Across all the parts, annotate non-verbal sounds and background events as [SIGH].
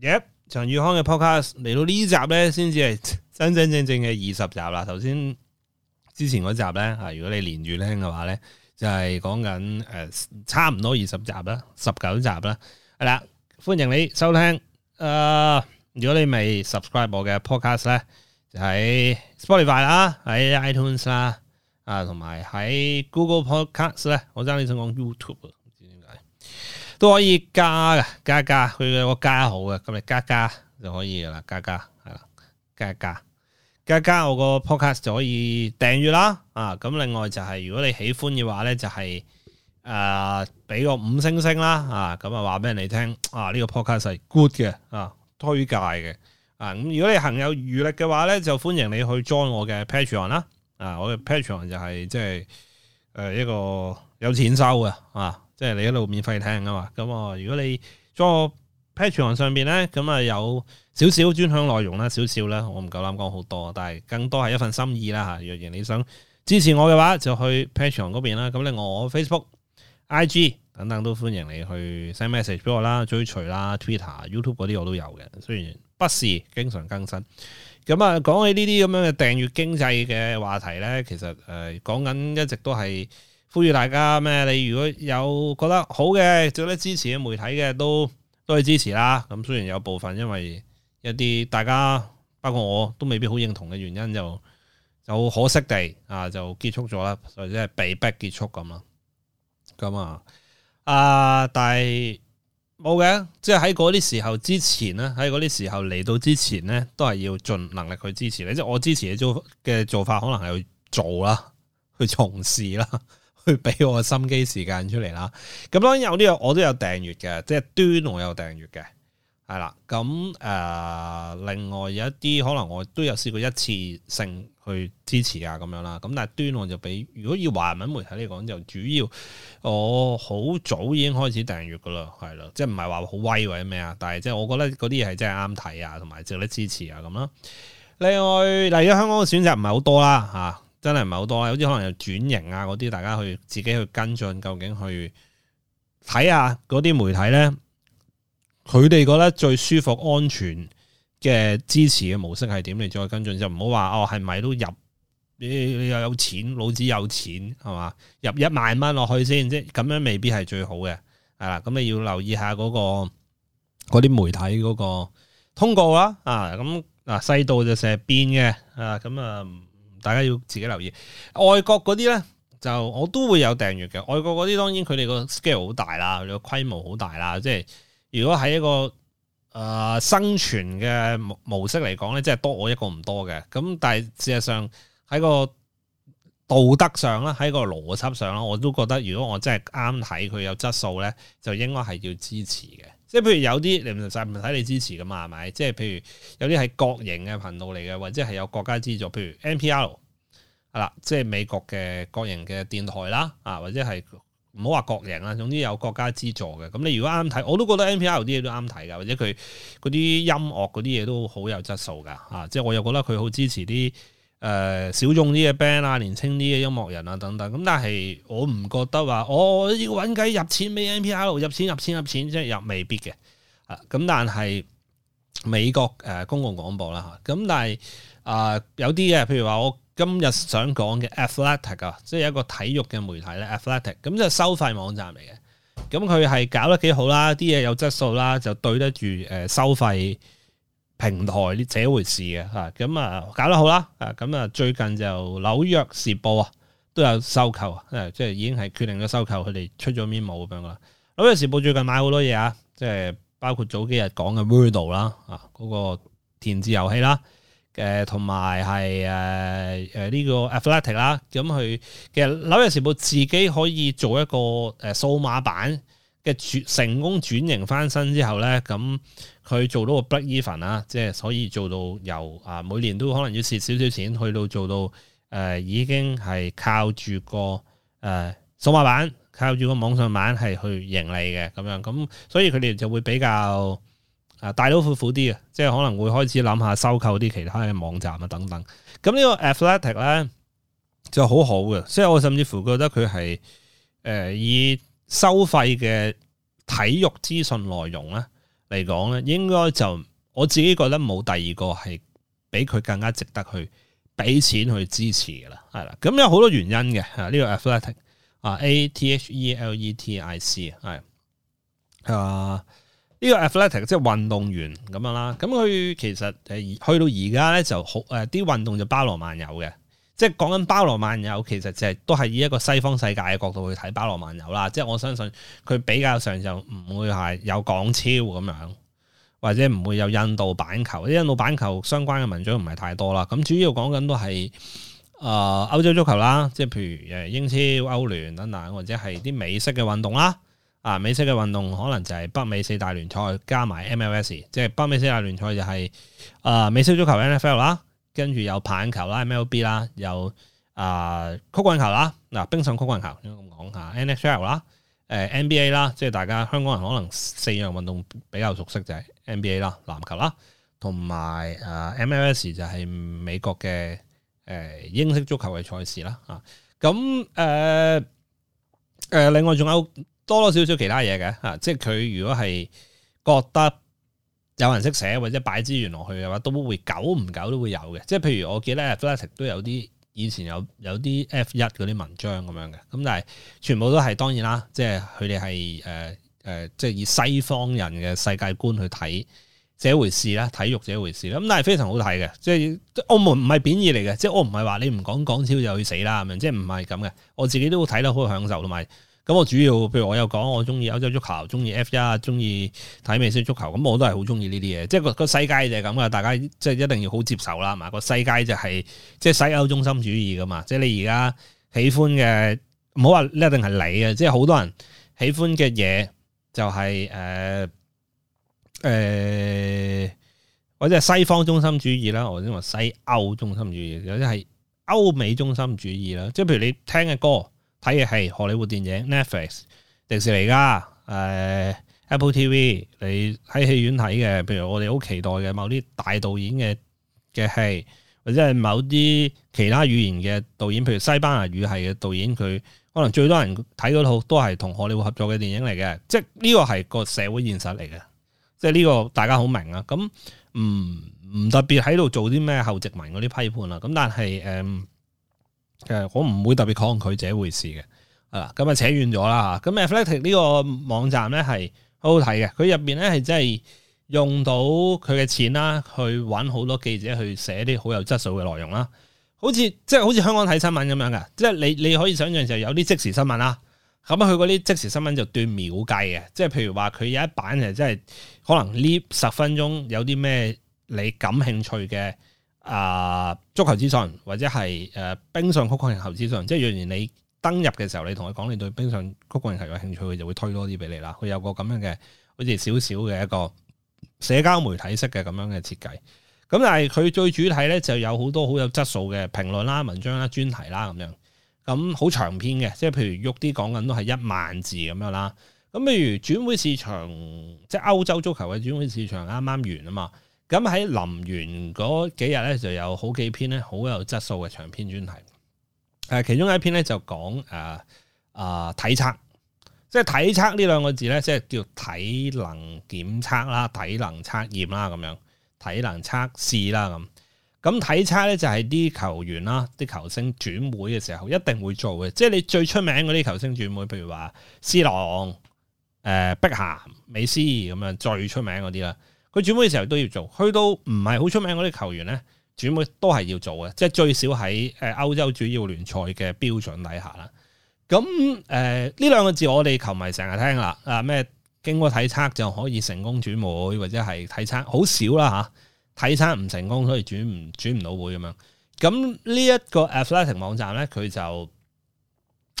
Yep，常宇康嘅 podcast 嚟到呢集咧，先至係真真正正嘅二十集啦。頭先之前嗰集咧，啊，如果你連住聽嘅話咧，就係講緊誒，差唔多二十集啦，十九集啦。係啦，歡迎你收聽。誒、呃，如果你未 subscribe 我嘅 podcast 咧，喺、就喺、Spotify 啦，喺 iTunes 啦，啊，同埋喺 Google Podcast 啦，我爭啲想講 YouTube。都可以加㗎，加加，佢個加好㗎，咁你加加就可以㗎啦，加加係啦，加加加加我個 podcast 就可以訂閱啦，啊，咁另外就係如果你喜歡嘅話咧、就是，就係誒俾個五星星啦，啊，咁啊話俾人哋聽啊呢個 podcast 係 good 嘅，啊，推介嘅，啊，咁如果你行有餘力嘅話咧，就歡迎你去 join 我嘅 patreon 啦，啊，我嘅 patreon 就係即係誒一個有錢收㗎，啊。即係你一路免費聽啊嘛，咁、嗯、啊如果你喺我 Patreon 上邊咧，咁、嗯、啊、嗯、有少少專享內容啦，少少啦，我唔夠膽講好多，但係更多係一份心意啦嚇。若然你想支持我嘅話，就去 Patreon 嗰邊啦。咁、嗯、咧，我 Facebook、IG 等等都歡迎你去 send message 俾我啦，追隨啦、Twitter、YouTube 嗰啲我都有嘅。雖然不是經常更新。咁、嗯、啊，講起呢啲咁樣嘅訂閱經濟嘅話題咧，其實誒、呃、講緊一直都係。呼籲大家咩？你如果有覺得好嘅，值得支持嘅媒體嘅，都都去支持啦。咁雖然有部分因為一啲大家，包括我都未必好認同嘅原因，就就可惜地啊，就結束咗啦，或者係被逼結束咁啦。咁啊，啊，但係冇嘅，即係喺嗰啲時候之前咧，喺嗰啲時候嚟到之前咧，都係要盡能力去支持你。即係我支持你做嘅做法，可能係去做啦，去從事啦。去俾 [LAUGHS] 我嘅心機時間出嚟啦，咁當然有呢個，我都有訂閱嘅，即係端我有訂閱嘅，係啦。咁誒、呃，另外有一啲可能我都有試過一次性去支持啊，咁樣啦。咁但係端我就俾，如果以華文媒體嚟講，就主要我好早已經開始訂閱噶啦，係啦，即係唔係話好威或者咩啊？但係即係我覺得嗰啲嘢真係啱睇啊，同埋值得支持啊咁啦。另外嚟咗香港嘅選擇唔係好多啦，吓、啊。真係唔係好多，有啲可能又轉型啊，嗰啲大家去自己去跟進，究竟去睇下嗰啲媒體咧，佢哋覺得最舒服、安全嘅支持嘅模式係點？你再跟進就唔好話哦，係咪都入？你你又有錢，老子有錢係嘛？入一萬蚊落去先，即咁樣未必係最好嘅。係啦，咁你要留意下嗰、嗰個嗰啲媒體嗰個通告啦、啊。啊，咁啊，世道就成日變嘅。啊，咁啊。大家要自己留意，外國嗰啲咧就我都會有訂閱嘅。外國嗰啲當然佢哋個 scale 好大啦，佢個規模好大啦。即係如果喺一個誒、呃、生存嘅模式嚟講咧，即係多我一個唔多嘅。咁但係事實上喺個道德上啦，喺個邏輯上啦，我都覺得如果我真係啱睇佢有質素咧，就應該係要支持嘅。即係譬如有啲，你唔係曬唔睇你支持噶嘛，係咪？即係譬如有啲係國營嘅頻道嚟嘅，或者係有國家資助，譬如 NPR 係啦，即係美國嘅國營嘅電台啦，啊，或者係唔好話國營啦，總之有國家資助嘅。咁你如果啱睇，我都覺得 NPR 啲嘢都啱睇噶，或者佢嗰啲音樂嗰啲嘢都好有質素噶，啊，即係我又覺得佢好支持啲。誒小眾啲嘅 band 啊，年青啲嘅音樂人啊等等，咁但係我唔覺得話、哦，我要揾計入錢俾 NPR 入錢入錢入錢即係入，入，入，入未必嘅，啊咁但係美國誒公共廣播啦嚇，咁、啊、但係啊有啲嘢，譬如話我今日想講嘅 Athletic 啊，即係一個體育嘅媒體咧、啊、Athletic，咁就收費網站嚟嘅，咁佢係搞得幾好啦，啲、啊、嘢有質素啦，就對得住誒、啊、收費。平台呢，這回事嘅嚇，咁啊搞得好啦，啊咁啊最近就紐約時報啊都有收購，誒、啊、即係已經係決定咗收購佢哋出咗 memo 咁樣啦。紐約時報最近買好多嘢啊，即係包括早幾日講嘅 Wordle 啦，啊、那、嗰個填字遊戲啦、啊，誒同埋係誒誒呢個 Athletic 啦、啊，咁、啊、佢其實紐約時報自己可以做一個誒數碼版。成功轉型翻身之後呢，咁佢做到個 break even 啊，即係所以做到由啊每年都可能要蝕少少錢，去到做到誒、呃、已經係靠住個誒、呃、數碼版，靠住個網上版係去盈利嘅咁樣。咁、嗯、所以佢哋就會比較誒大刀闊斧啲啊，即係可能會開始諗下收購啲其他嘅網站啊等等。咁呢個 Athletic 呢就好好嘅，即係我甚至乎覺得佢係誒以。收費嘅體育資訊內容咧嚟講咧，應該就我自己覺得冇第二個係比佢更加值得去俾錢去支持㗎喇，係啦。咁有好多原因嘅，呢個 athletic 啊，a t h e l e t i c 係啊，呢、這個 athletic、e e 啊，這個、ath 即係運動員咁樣啦。咁佢其實誒去到而家咧就好誒、啲、啊、運動就包羅萬有嘅。即係講緊包羅萬有，其實就係都係以一個西方世界嘅角度去睇包羅萬有啦。即係我相信佢比較上就唔會係有港超咁樣，或者唔會有印度板球。啲印度板球相關嘅文章唔係太多啦。咁主要講緊都係誒歐洲足球啦，即係譬如誒英超、歐聯等等，或者係啲美式嘅運動啦。啊，美式嘅運動可能就係北美四大聯賽加埋 MLS，即係北美四大聯賽就係、是、誒、呃、美式足球 NFL 啦、啊。跟住有棒球啦、MLB 啦，有啊、呃、曲棍球啦，嗱、啊、冰上曲棍球，咁講下 NHL 啦、誒、呃、NBA 啦，即係大家香港人可能四樣運動比較熟悉就係 NBA 啦、籃球啦，同埋誒、呃、MLS 就係美國嘅誒、呃、英式足球嘅賽事啦嚇。咁誒誒，另外仲有多多少少其他嘢嘅嚇，即係佢如果係覺得。有人識寫或者擺資源落去嘅話，都會久唔久都會有嘅。即係譬如我記得 Flash 都 [MUSIC] 有啲以前有有啲 F1 嗰啲文章咁樣嘅。咁但係全部都係當然啦，即係佢哋係誒誒，即係以西方人嘅世界觀去睇這回事啦，體育這回事啦。咁但係非常好睇嘅，即係我唔唔係貶義嚟嘅，即係我唔係話你唔講港超就去死啦咁樣，即係唔係咁嘅。我自己都會睇得好享受同埋。咁我主要，譬如我有講，我中意歐洲足球，中意 F1，中意睇美式足球，咁我都係好中意呢啲嘢。即係個個世界就係咁噶，大家即係一定要好接受啦，係嘛？個世界就係、是、即係西歐中心主義噶嘛。即係你而家喜歡嘅，唔好話一定係你啊。即係好多人喜歡嘅嘢就係誒誒或者係西方中心主義啦，或者話西歐中心主義，或者係歐美中心主義啦。即係譬如你聽嘅歌。睇嘅係荷里活電影，Netflix、迪士尼㗎，誒、呃、Apple TV，你喺戲院睇嘅。譬如我哋好期待嘅某啲大導演嘅嘅戲，或者係某啲其他語言嘅導演，譬如西班牙語系嘅導演，佢可能最多人睇嗰套都都係同荷里活合作嘅電影嚟嘅，即係呢個係個社會現實嚟嘅，即係呢個大家好明啊，咁唔唔特別喺度做啲咩後殖民嗰啲批判啦，咁但係誒。嗯。其實我唔會特別抗拒這回事嘅，啊、嗯，咁啊扯遠咗啦。咁 Athletic 呢個網站咧係好好睇嘅，佢入邊咧係真係用到佢嘅錢啦，去搵好多記者去寫啲好有質素嘅內容啦。好似即係好似香港睇新聞咁樣嘅，即係你你可以想象就有啲即時新聞啦。咁啊，佢嗰啲即時新聞就斷秒計嘅，即係譬如話佢有一版係真係可能呢十分鐘有啲咩你感興趣嘅。啊！足球資訊或者係誒、呃、冰上曲棍球資訊，即係若然你登入嘅時候，你同佢講你對冰上曲棍球有興趣，佢就會推多啲俾你啦。佢有個咁樣嘅，好似少少嘅一個社交媒體式嘅咁樣嘅設計。咁但係佢最主體呢就有好多好有質素嘅評論啦、文章啦、專題啦咁樣，咁好長篇嘅，即係譬如喐啲講緊都係一萬字咁樣啦。咁譬如轉會市場，即係歐洲足球嘅轉會市場啱啱完啊嘛。咁喺臨完嗰幾日咧，就有好幾篇咧，好有質素嘅長篇專題。誒、呃，其中一篇咧就講誒誒體測，即係體測呢兩個字咧，即係叫體能檢測啦、體能測驗啦、咁樣體能測試啦咁。咁體測咧就係啲球員啦、啲球星轉會嘅時候一定會做嘅。即係你最出名嗰啲球星轉會，譬如話 C 朗、誒、呃、碧咸、美斯咁樣最出名嗰啲啦。佢轉會嘅時候都要做，去到唔係好出名嗰啲球員咧，轉會都係要做嘅，即係最少喺誒歐洲主要聯賽嘅標準底下啦。咁誒呢兩個字我哋球迷成日聽啦，啊咩經過體測就可以成功轉會，或者係體測好少啦吓、啊，體測唔成功所以轉唔轉唔到會咁樣。咁呢一個 athletic 網站咧，佢就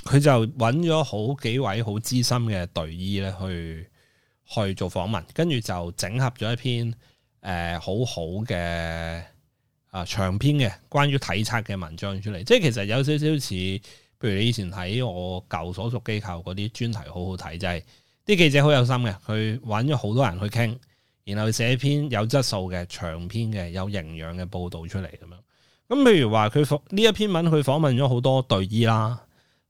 佢就搵咗好幾位好資深嘅隊醫咧去。去做訪問，跟住就整合咗一篇誒、呃、好好嘅啊長篇嘅關於體測嘅文章出嚟，即係其實有少少似，譬如你以前喺我舊所屬機構嗰啲專題好好睇，就係、是、啲記者好有心嘅，佢揾咗好多人去傾，然後寫篇有質素嘅長篇嘅有營養嘅報導出嚟咁樣。咁譬如話佢呢一篇文訪，佢訪問咗好多隊醫啦，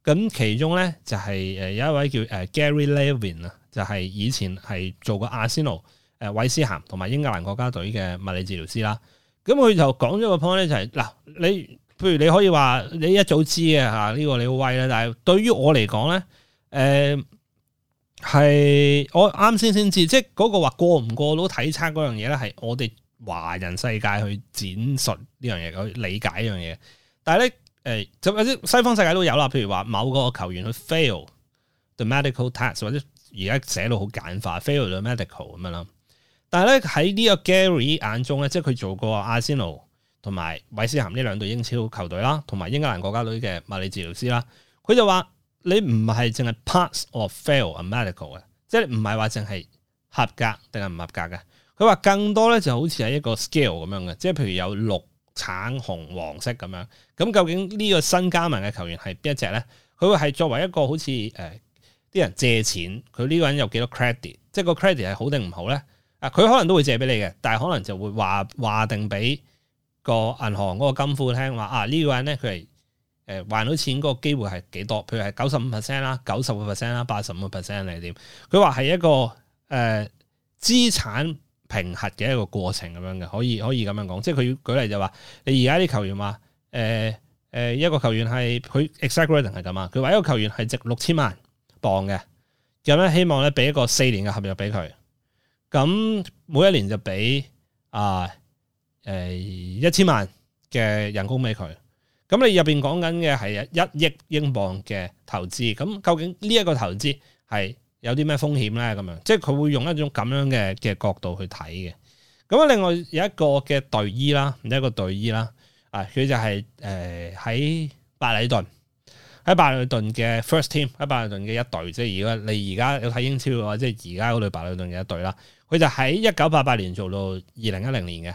咁其中咧就係、是、誒有一位叫誒、呃、Gary Levin 啊。就係以前係做過阿仙奴、誒韋斯咸同埋英格蘭國家隊嘅物理治療師啦。咁佢就講咗個 point 咧，就係、是、嗱，你譬如你可以話你一早知嘅嚇呢個你好威啦，但係對於我嚟講咧，誒、呃、係我啱先先知，即係嗰個話過唔過到體測嗰樣嘢咧，係我哋華人世界去展述呢樣嘢，去理解呢樣嘢。但係咧誒，就或者西方世界都有啦，譬如話某個球員去 fail the medical test 或者。而家寫到好簡化，fail to medical 咁樣啦。但係咧喺呢個 Gary 眼中咧，即係佢做過阿仙奴同埋韋斯咸呢兩隊英超球隊啦，同埋英格蘭國家隊嘅物理治療師啦。佢就話：你唔係淨係 pass or fail a medical 嘅，即係唔係話淨係合格定係唔合格嘅。佢話更多咧就好似係一個 scale 咁樣嘅，即係譬如有綠、橙、紅、黃色咁樣。咁究竟呢個新加盟嘅球員係邊一隻咧？佢會係作為一個好似誒？呃啲人借錢，佢呢個人有幾多 credit，即係個 credit 係好定唔好咧？啊，佢可能都會借俾你嘅，但係可能就會話話定俾個銀行嗰個金庫聽話啊。呢個人咧，佢係誒還到錢嗰個機會係幾多？譬如係九十五 percent 啦、九十五 percent 啦、八十五 percent 你點？佢話係一個誒、呃、資產平衡嘅一個過程咁樣嘅，可以可以咁樣講，即係佢要舉例就話你而家啲球員話誒誒一個球員係佢 exaggerating 係咁啊，佢話一個球員係值六千萬。磅嘅，咁咧希望咧俾一個四年嘅合約俾佢，咁每一年就俾啊誒一千萬嘅人工俾佢，咁你入邊講緊嘅係一億英鎊嘅投資，咁究竟呢一個投資係有啲咩風險咧？咁樣，即係佢會用一種咁樣嘅嘅角度去睇嘅。咁啊，另外有一個嘅隊醫啦，一個隊醫啦，啊佢就係誒喺白禮頓。喺巴里頓嘅 first team，喺巴里頓嘅一隊，即係如果你而家有睇英超嘅話，即係而家嗰隊巴里頓嘅一隊啦，佢就喺一九八八年做到二零一零年嘅，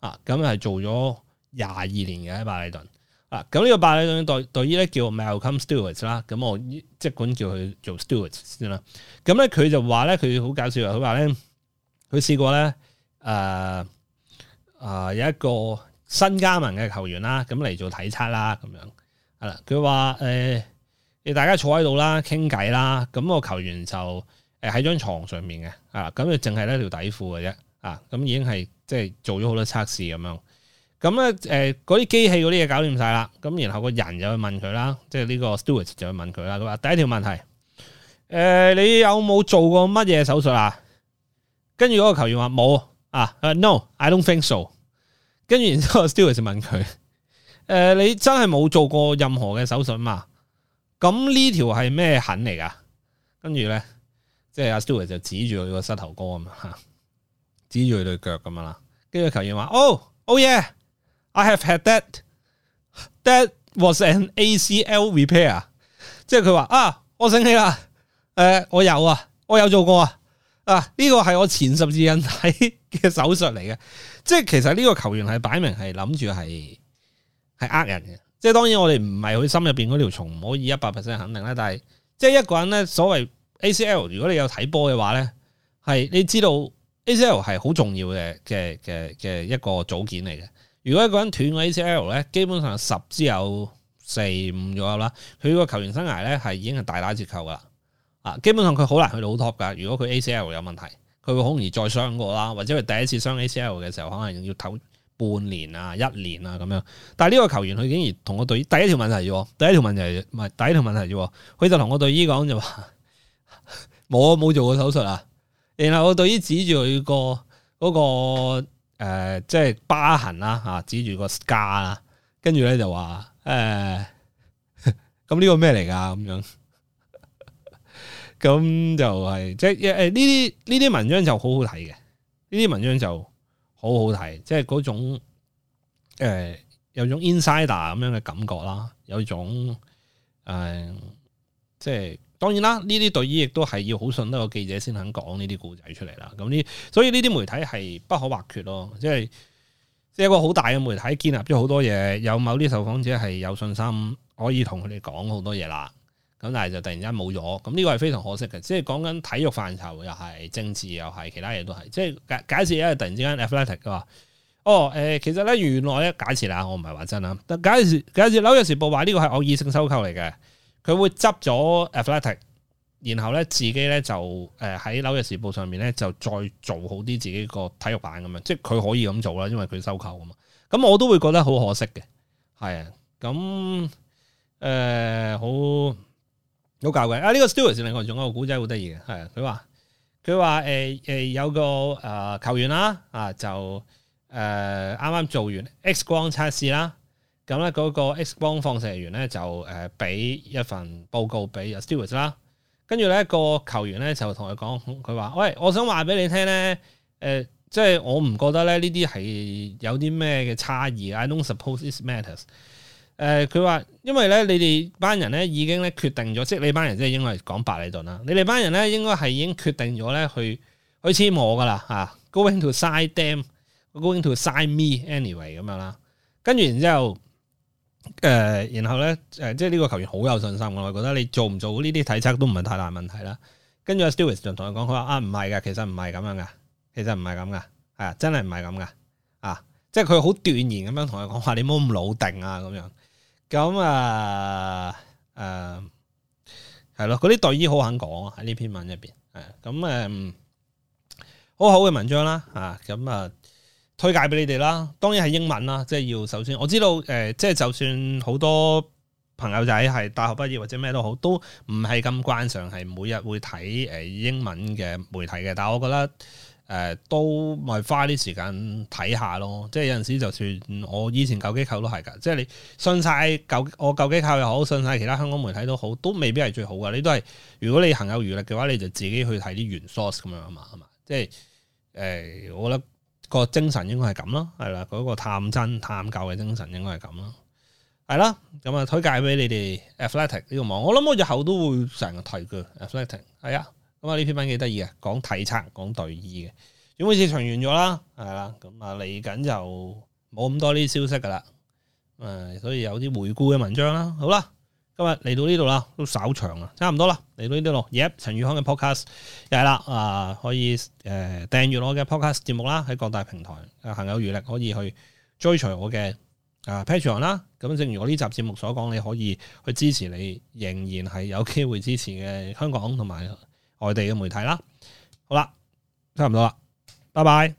啊，咁係做咗廿二年嘅喺巴里頓，啊，咁呢個巴里頓隊隊醫咧叫 Malcolm Stewart 啦，咁我即管叫佢做 Stewart 先啦，咁咧佢就話咧佢好搞笑，佢話咧佢試過咧，誒誒有一個新加盟嘅球員啦，咁、啊、嚟做體測啦，咁、啊、樣。佢話：誒，你、呃、大家坐喺度啦，傾偈啦，咁個球員就誒喺張床上面嘅，啊，咁佢淨係一條底褲嘅啫，啊，咁、嗯、已經係即係做咗好多測試咁樣，咁咧誒，嗰、呃、啲機器嗰啲嘢搞掂晒啦，咁然後個人就去問佢啦，即係呢個 Stewart 就去問佢啦，佢話第一條問題，誒、呃，你有冇做過乜嘢手術啊？跟住嗰個球員話冇，啊，No，I don't think so。跟住然 Stewart 就問佢。誒、呃，你真係冇做過任何嘅手術嘛？咁呢條係咩痕嚟㗎？跟住咧，即係阿 Stewart 就指住佢個膝頭哥啊嘛，指住佢對腳咁樣啦。跟住球員話哦，oh yeah，I have had that，that was an ACL repair。即係佢話啊，我醒起啦，誒、呃，我有啊，我有做過啊。啊，呢個係我前十字韌帶嘅手術嚟嘅。即係其實呢個球員係擺明係諗住係係呃人嘅，即係當然我哋唔係佢心入邊嗰條蟲，唔可以一百 percent 肯定啦。但係即係一個人咧，所謂 ACL，如果你有睇波嘅話咧，係你知道 ACL 係好重要嘅嘅嘅嘅一個組件嚟嘅。如果一個人斷過 ACL 咧，基本上十之有四五左右啦。佢個球員生涯咧係已經係大打折扣噶啦。啊,基本上佢好難去到好 top 噶。如果佢 ACL 有問題，佢會好容易再傷過啦，或者佢第一次傷 ACL 嘅時候，可能要唞。半年啊，一年啊，咁樣。但係呢個球員佢竟然同我隊醫第一條問題啫，第一條問題唔係第一條問題啫，佢就同我隊醫講就話冇冇做過手術啊。然後我隊醫指住佢、個嗰個誒，即係疤痕啦、啊、吓，指住個 scar 啦、啊，跟住咧就話誒，咁、呃、呢個咩嚟噶咁樣？咁就係即係誒呢啲呢啲文章就好好睇嘅，呢啲文章就。好好睇，即係嗰種誒、呃，有種 insider 咁樣嘅感覺啦，有種誒，即係當然啦，呢啲對於亦都係要好信得過個記者先肯講呢啲故仔出嚟啦。咁呢，所以呢啲媒體係不可或缺咯，即係即係一個好大嘅媒體建立咗好多嘢，有某啲受訪者係有信心可以同佢哋講好多嘢啦。但係就突然間冇咗，咁呢個係非常可惜嘅。即係講緊體育範疇又係，政治又係，其他嘢都係。即係假假設咧，突然之間，Athletic 話，哦，誒，其實咧原來咧，假設啦，我唔係話真啦。假設假設《紐約時報》話呢個係惡意性收購嚟嘅，佢會執咗 Athletic，然後咧自己咧就誒喺《紐、呃、約時報》上面咧就再做好啲自己個體育版咁樣，即係佢可以咁做啦，因為佢收購啊嘛。咁我都會覺得好可惜嘅，係啊，咁誒、呃、好。都教嘅啊！呢、這個 Stewart 另外仲有一個古仔好得意嘅，係佢話佢話誒誒，有個誒、呃、球員啦啊，啊，就誒啱啱做完 X 光測試啦，咁咧嗰個 X 光放射員咧就誒俾、呃、一份報告俾 Stewart 啦，跟住咧個球員咧就同佢講，佢話喂，我想話俾你聽咧，誒、呃，即係我唔覺得咧呢啲係有啲咩嘅差異，I don't suppose this matters。誒佢話，因為咧你哋班人咧已經咧決定咗，即係你班人即係應該講白里頓啦。你哋班人咧應該係已經決定咗咧去去簽我噶啦嚇。啊、going to sign them, going to sign me anyway 咁樣啦。跟住然之後，誒、呃、然後咧誒、呃、即係呢個球員好有信心，我覺得你做唔做呢啲體測都唔係太大問題啦。跟住阿 Stewart 就同佢講，佢話啊唔係嘅，其實唔係咁樣嘅，其實唔係咁嘅，係啊真係唔係咁嘅啊！即係佢好斷言咁樣同佢講話，你冇咁老定啊咁樣。咁啊，誒，係咯，嗰啲隊醫好肯講，喺呢篇文入邊，誒，咁誒，好好嘅文章啦，啊，咁啊，啊、嗯、啊，啊，推介俾你哋啦，當然係英文啦，即係要首先，我知道誒，即、呃、係就算好多朋友仔係大學畢業或者咩都好，都唔係咁慣常係每日會睇誒英文嘅媒體嘅，但係我覺得。誒都咪花啲時間睇下咯，即係有陣時就算我以前舊機構都係㗎，即係你信晒舊我舊機構又好，信晒其他香港媒體都好，都未必係最好㗎。你都係如果你行有餘力嘅話，你就自己去睇啲原 source 咁樣啊嘛，啊嘛，即係誒、欸，我覺得個精神應該係咁咯，係啦，嗰個探真探究嘅精神應該係咁咯，係啦，咁啊推介俾你哋 Athletic 呢個網，我諗我日後都會成日提嘅 Athletic 係啊。咁啊！呢篇文幾得意嘅，講體測，講隊醫嘅。轉會市場完咗啦，係啦。咁啊，嚟緊就冇咁多呢啲消息噶啦。誒，所以有啲回顧嘅文章啦。好啦，今日嚟到呢度啦，都稍長啊，差唔多啦。嚟到呢度，而、嗯、家陳宇康嘅 podcast 又係啦。啊，可以誒、呃、訂閱我嘅 podcast 節目啦，喺各大平台行有餘力可以去追隨我嘅啊 patreon 啦。咁正如我呢集節目所講，你可以去支持你仍然係有機會支持嘅香港同埋。外地嘅媒體啦，好啦，差唔多啦，拜拜。